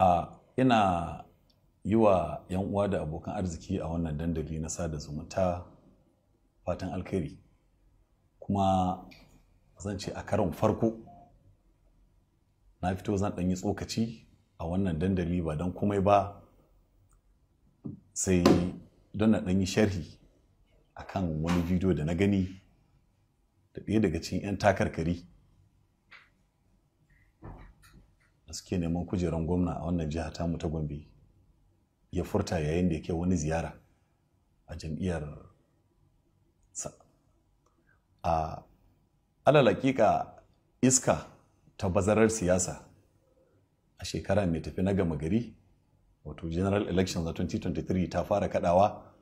a ina yi wa 'yan uwa da abokan arziki a wannan dandali na sada zumunta fatan alkhairi kuma zan ce a karon farko na fito zan ɗanyi tsokaci a wannan dandali ba don komai ba sai don na ɗanyi sharhi a kan wani bidiyo da na gani da ɗaya daga cikin 'yan takarkari da suke neman kujeran gwamna a wannan jiha tamu ta gombe ya furta yayin da yake wani ziyara a jam'iyyar sa a alalakika iska ta bazarar siyasa a shekara mai tafi na gama gari wato general elections a 2023 ta fara kadawa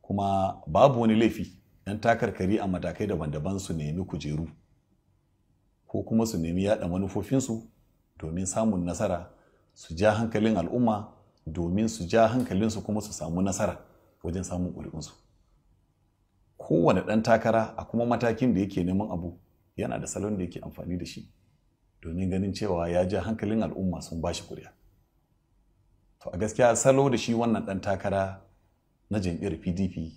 kuma babu wani laifi 'yan takarkari a matakai daban-daban su nemi kujeru ko kuma su nemi yada manufofinsu domin samun nasara su ja hankalin al'umma domin su ja hankalinsu kuma su samu nasara wajen samun ƙuri'unsu kowane ɗan takara a kuma matakin da yake neman abu yana da salon da yake amfani da shi domin ganin cewa ya ja hankalin al'umma sun ba shi ƙuri'a to a gaskiya salo da shi wannan ɗan takara na jam'iyyar pdp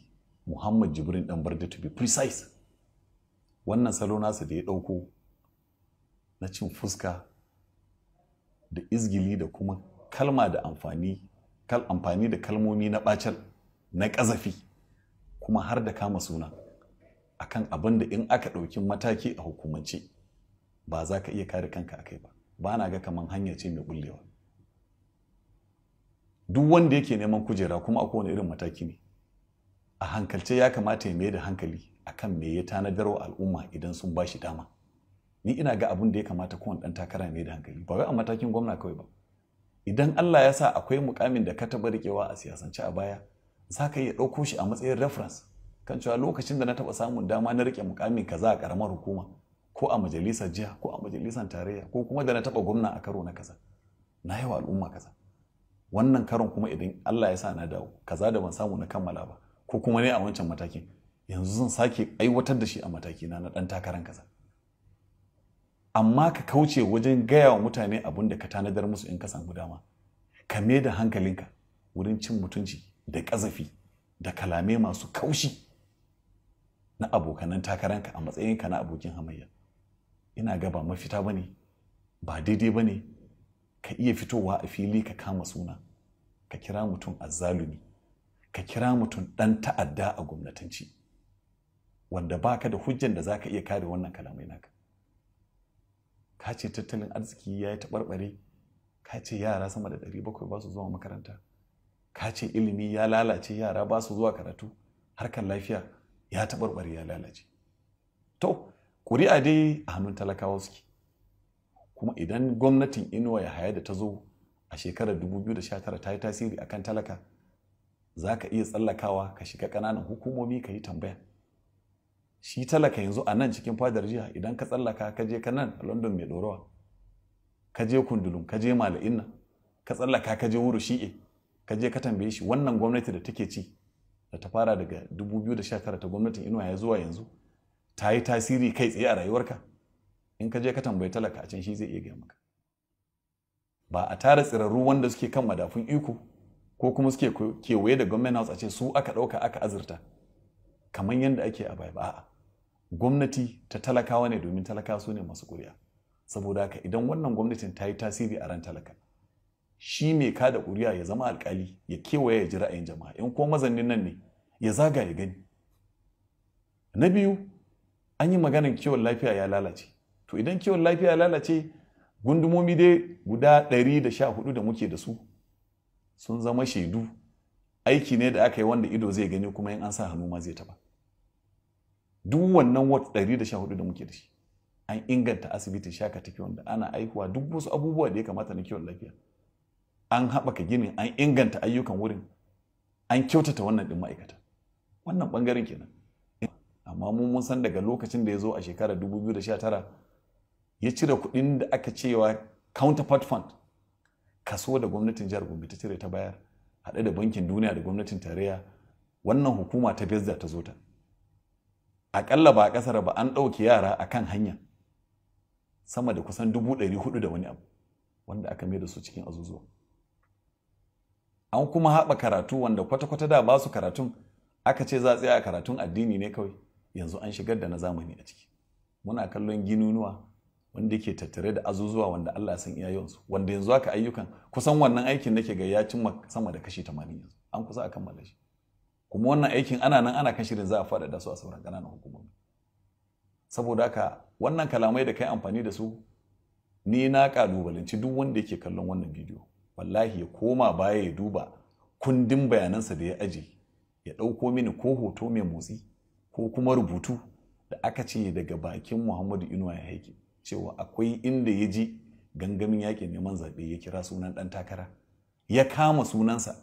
muhammad jibrin ɗan barde to be precise wannan salo nasa da ya ɗauko na cin fuska da izgili da kuma kalma da amfani kal amfani da kalmomi na bacal na ƙazafi kuma har da kama suna akan abin da in aka ɗauki mataki a hukumance ba za ka iya kare kanka akai ba ba na ga kaman hanya ce mai bullewa duk wanda yake neman kujera kuma a kowane irin mataki ne a hankalce ya kamata ya mai da hankali akan me ya tanadarwa al'umma idan sun ba shi dama ni ina ga abun da ya kamata kowane ɗan takara ne da hankali ba wai a matakin gwamna kawai ba idan Allah ya sa akwai mukamin da ka taɓa riƙewa a siyasance a baya za ka iya ɗauko shi a matsayin reference kan cewa lokacin da na taɓa samun dama na riƙe mukamin kaza a ƙaramar hukuma ko a majalisar jiha ko a majalisar tarayya ko kuma da na taɓa gwamna a karo na kaza na yi al'umma kaza wannan karon kuma idan Allah ya sa na dawo kaza da ban samu na kammala ba ko kuma ne a wancan matakin yanzu zan sake aiwatar da shi a matakina na na ɗan takarar kaza amma ka kauce wajen gaya wa mutane abin da ka tanadar musu in ka samu dama ka me da hankalinka wurin cin mutunci da ƙazafi da kalame masu kaushi na abokanan takaranka a matsayinka na abokin hamayya ina gaba mafita ba ne ba daidai ba ne ka iya fitowa a fili ka kama suna ka kira mutum azzalumi ka kira mutum ɗan ta'adda a gwamnatanci wanda baka da hujjan da za ka iya kare wannan kalamai naka ka ce tattalin arziki ya yi taɓarɓare ka ce yara sama da ɗari bakwai ba su zuwa makaranta ka ce ilimi ya lalace yara ba su zuwa karatu harkar lafiya ya taɓarɓare ya lalace to ƙuri'a dai a hannun talakawa suke kuma idan gwamnatin inuwa ya haya da ta zo a shekarar 2019 ta yi tasiri akan talaka za ka iya tsallakawa ka shiga ƙananan hukumomi ka yi tambaya shi talaka yanzu a nan cikin fadar jiha idan ka tsallaka ka je ka nan a london mai ɗorawa ka je kundulun ka je mala'in nan ka tsallaka ka je wuri shi'e ka je ka tambaye shi wannan gwamnati da take ci da ta fara daga 2019 ta gwamnatin inuwa ya zuwa yanzu ta yi tasiri kai tsaye a rayuwarka in ka je ka tambayi talaka a can shi zai iya gaya maka ba a tara tsirarru wanda suke kan madafun iko ko kuma suke kewaye da gwamnati a ce su aka ɗauka aka azurta kamar yadda ake a baya ba a'a gwamnati ta talakawa ne domin talaka su ne masu ƙuri'a saboda haka idan wannan gwamnatin ta yi tasiri a ran talaka shi mai kada ƙuri'a ya zama alkali ya kewaye ya ji ra'ayin jama'a in ko mazannin nan ne ya zaga ya gani na biyu an yi maganan kiwon lafiya ya lalace to idan kiwon lafiya ya lalace gundumomi dai guda 114 da muke da su sun zama shaidu aiki ne da aka yi wanda ido zai gani kuma in an sa hannu ma zai taba duk wannan wat ɗari da muke da shi an inganta asibitin shaka ta kiwon ana aikuwa duk wasu abubuwa da ya kamata na kiwon lafiya an haɓaka ginin an inganta ayyukan wurin an kyautata wannan ɗin ma'aikata wannan ɓangaren kenan amma mu mun san daga lokacin da ya zo a shekarar 2019 ya cire kuɗin da aka cewa counterpart fund kaso da gwamnatin jihar gombe ta cire ta bayar haɗe da bankin duniya da gwamnatin tarayya wannan hukuma ta bezda ta zo ta akalla ba a kasar ba an ɗauke yara a kan hanya sama da kusan dubu ɗari hudu da wani abu wanda aka mai da su cikin azuzuwa an kuma haɓa karatu wanda kwata-kwata da ba su karatun aka ce za a karatun addini ne kawai yanzu an shigar da na zamani a ciki muna kallon ginunuwa wanda ke tattare da azuzuwa wanda Allah san iyayensu, wanda yanzu haka ayyukan kusan wannan aikin nake ga ya cimma sama da kashi 80 yanzu an kusa a kammala shi kuma wannan aikin ana nan ana kan shirin za a faɗaɗa su a sauran ƙananan hukumomi saboda haka wannan kalamai da kai amfani da su ni na ƙalubalanci duk wanda yake kallon wannan bidiyo wallahi ya koma baya ya duba kundin bayanansa da ya aje ya ɗauko mini ko hoto mai motsi ko kuma rubutu da aka ce daga bakin muhammadu inuwa ya haike cewa akwai inda ya ji gangamin yaƙin neman zaɓe ya kira sunan ɗan takara ya kama sunansa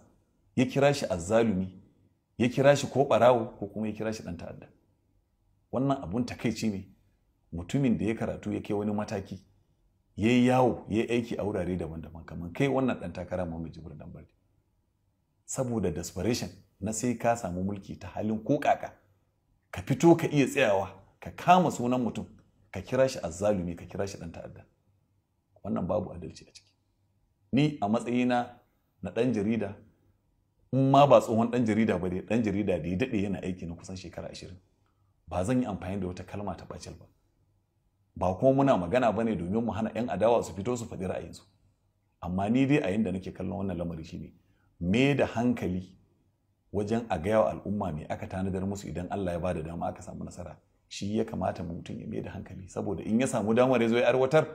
ya kira shi azzalumi ya kira shi ko barawo ko kuma ya kira shi dan ta'adda wannan abun takaici ne mutumin da ya karatu ya kai wani mataki ya yi yawo ya yi aiki a wurare daban-daban kamar kai wannan dan takara mu jibir dan saboda desperation na sai ka samu mulki ta halin ko kaka ka fito ka iya tsayawa ka kama sunan mutum ka kira shi azzalumi ka kira shi dan ta'adda wannan babu adalci a ciki ni a matsayina na ɗan jarida in ma ba tsohon dan jarida ba dai dan jarida da ya daɗe yana aiki na kusan shekara ashirin ba zan yi amfani da wata kalma ta bacil ba ba kuma muna magana ba ne domin mu hana 'yan adawa su fito su faɗi ra'ayinsu amma ni dai a yadda nake kallon wannan lamari shine me da hankali wajen a gaya wa al'umma me aka tanadar musu idan Allah ya ba da dama aka samu nasara shi ya kamata mutum ya me da hankali saboda in ya samu damar ya zo ya arwatar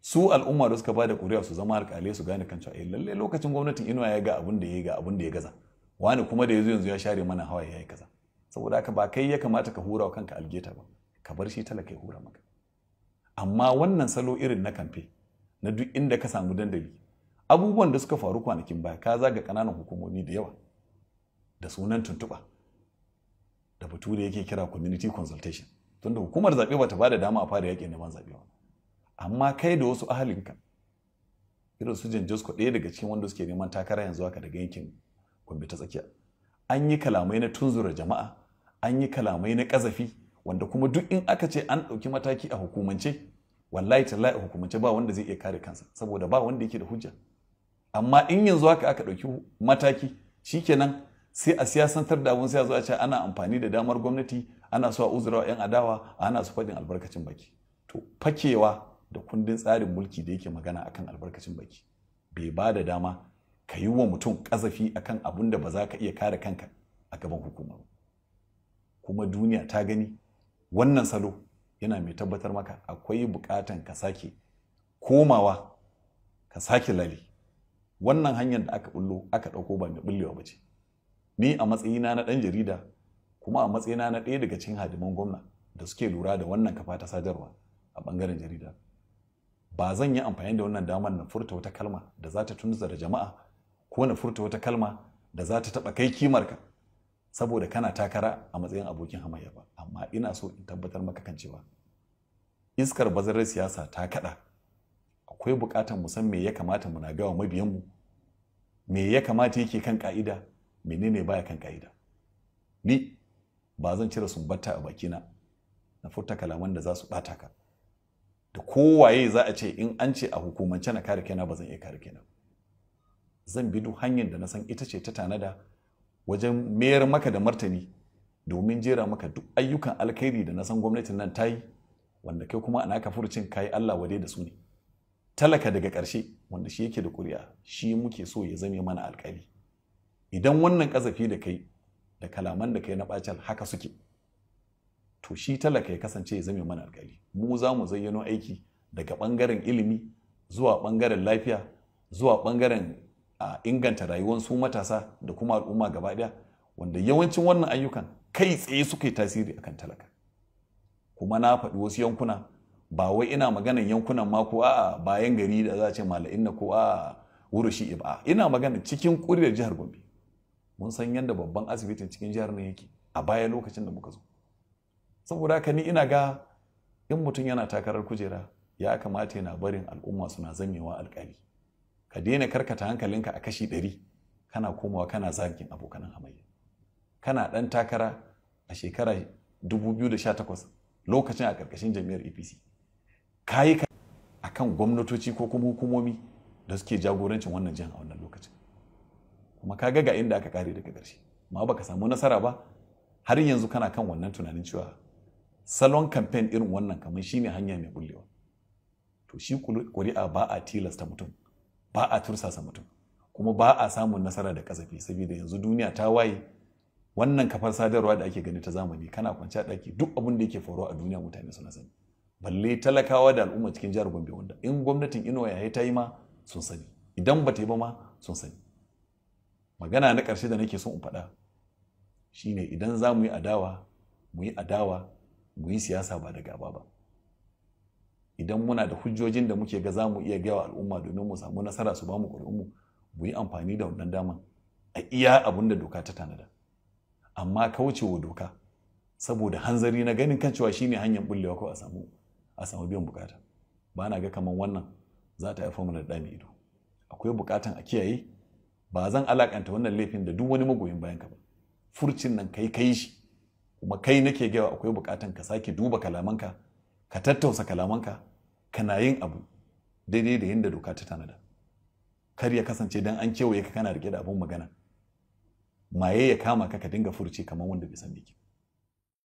su al'umma da suka bada kuri'a su zama alƙalai su gane kan cewa eh, lallai lalle lokacin gwamnatin inuwa ya ga abin da ya ga abin da ya gaza wani kuma da yanzu yanzu ya share mana hawa ya yi kaza saboda haka ba kai ya kamata ka hura kanka algeta ba ka bar shi talaka ya hura maka amma wannan salo irin na kamfe na duk inda ka samu dandali abubuwan da suka faru kwanakin baya ka zaga kananan hukumomi da yawa da sunan tuntuɓa da da yake kira community consultation tunda hukumar zaɓe bata ba da dama a fara yaƙi neman zaɓe ba amma kai da wasu ahalinka irin su Josko ɗaya daga cikin wanda suke neman takara yanzu haka daga yankin gombe ta tsakiya an yi kalamai na tunzura jama'a an yi kalamai na ƙazafi wanda kuma duk in aka ce an ɗauki mataki a hukumance wallahi tallahi a hukumance ba wanda zai iya kare kansa saboda ba wanda yake da hujja amma in yanzu haka aka ɗauki mataki shikenan sai a siyasantar da abun sai a zo a ce ana amfani da damar gwamnati ana so a uzurawa 'yan adawa ana su faɗin albarkacin baki to fakewa da kundin tsarin mulki da yake magana akan albarkacin baki bai ba da dama ka yi wa mutum ƙazafi akan abun da ba za ka iya kare kanka a gaban hukuma kuma duniya ta gani wannan salo yana mai tabbatar maka akwai buƙatan ka sake komawa ka sake lale wannan hanyar da aka bullo aka ɗauko ba mai bullewa ba ce ni a matsayina na ɗan jarida kuma a matsayina na ɗaya daga cikin hadiman gwamna da suke lura da wannan kafa ta sadarwa a ɓangaren jarida ba zan yi amfani da wannan damar na furta wata kalma da za ta da jama'a ko na furta wata kalma da za ta taɓa kai kimarka saboda kana takara a matsayin abokin hamayya ba amma ina so in tabbatar maka kan cewa iskar bazarar siyasa ta kaɗa akwai buƙatar mu san me ya kamata mu na gawa mu. me ya kamata yake kan ka'ida menene baya kan ka'ida ni ba zan cire sumbata a bakina na furta kalaman da za su ɓata ka da kowaye za a ce in an ce a hukumance na kare kaina ba zan iya kare kaina zan bi duk hanyar da na san ita ce ta tanada wajen mayar maka da martani domin jera maka duk ayyukan alkhairi da na san gwamnatin nan ta yi wanda kai kuma ana ka furcin kayi Allah wade da su ne talaka daga ƙarshe wanda shi yake da ƙuri'a shi muke so ya zame mana alƙali idan wannan ƙazafi da kai da kalaman da kai na bacal haka suke to shi talaka ya kasance ya zame mana alkali mu za mu zayyano aiki daga ɓangaren ilimi zuwa ɓangaren lafiya zuwa ɓangaren inganta rayuwar su matasa da kuma al'umma gaba ɗaya wanda yawancin wannan ayyukan kai tsaye suka tasiri akan talaka kuma na faɗi wasu yankuna ba wai ina maganan yankunan ma ko a'a bayan gari da za a ce mala'in na ko a wurushi ba ina magana cikin ƙuriyar jihar gombe mun san yadda babban asibitin cikin jihar ne yake a baya lokacin da muka zo saboda haka ni ina ga in mutum yana takarar kujera ya kamata yana barin al'umma suna zamewa alkali ka daina karkata hankalinka a kashi ɗari kana komawa kana zagin abokan hamayya kana ɗan takara a shekara 2018 lokacin a ƙarƙashin jami'ar apc ka yi a kan gwamnatoci ko kuma hukumomi da suke jagorancin wannan jihar a wannan lokacin kuma ka ga inda aka kare daga ƙarshe ma baka samu nasara ba har yanzu kana kan wannan tunanin cewa salon kamfen irin wannan kamar ne hanya mai bullewa to shi Kuri'a ba a tilasta mutum ba a tursasa mutum kuma ba a samun nasara da kasafi saboda yanzu duniya ta waye wannan kafar sadarwa da ake gani ta zamani kana kwanci a daki duk abin da yake faruwa a duniya mutane suna sani balle talakawa da al'umma cikin jihar gombe wanda in gwamnatin inuwa ya ta yi ma sun sani idan ba ta yi ba ma sun sani magana na ƙarshe da nake son in faɗa shine idan za mu yi adawa mu yi adawa mu yi siyasa ba da gaba ba idan muna da hujjojin da muke ga za mu iya gaya wa al'umma domin mu samu nasara su ba mu ƙuri'unmu mu yi amfani da wannan daman a iya abin da doka ta tanada amma kaucewa doka saboda hanzari na ganin kan cewa shine hanyar bullewa ko a samu biyan bukata ba na ga kamar wannan za ta haifar mana da ɗami ido akwai bukatan a kiyaye ba zan alakanta wannan laifin da duk wani magoyin bayan ka ba furcin nan kai kai shi kuma kai nake gawa akwai bukatan ka sake duba kalamanka ka tattausa kalamanka na yin abu daidai da yadda doka ta tanada kar ya kasance dan an kewaye ka kana rike da abun magana maye ya kama ka ka dinga furci kamar wanda bai san me